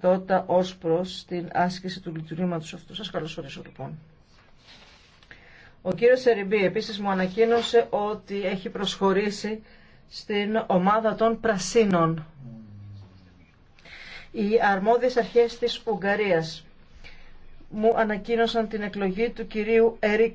τότε ως προς την άσκηση του λειτουργήματος αυτού. Σας καλωσορίσω λοιπόν. Ο κύριος Σεριμπή επίσης μου ανακοίνωσε ότι έχει προσχωρήσει στην ομάδα των Πρασίνων. Οι αρμόδιες αρχές της Ουγγαρίας μου ανακοίνωσαν την εκλογή του κυρίου Ερικ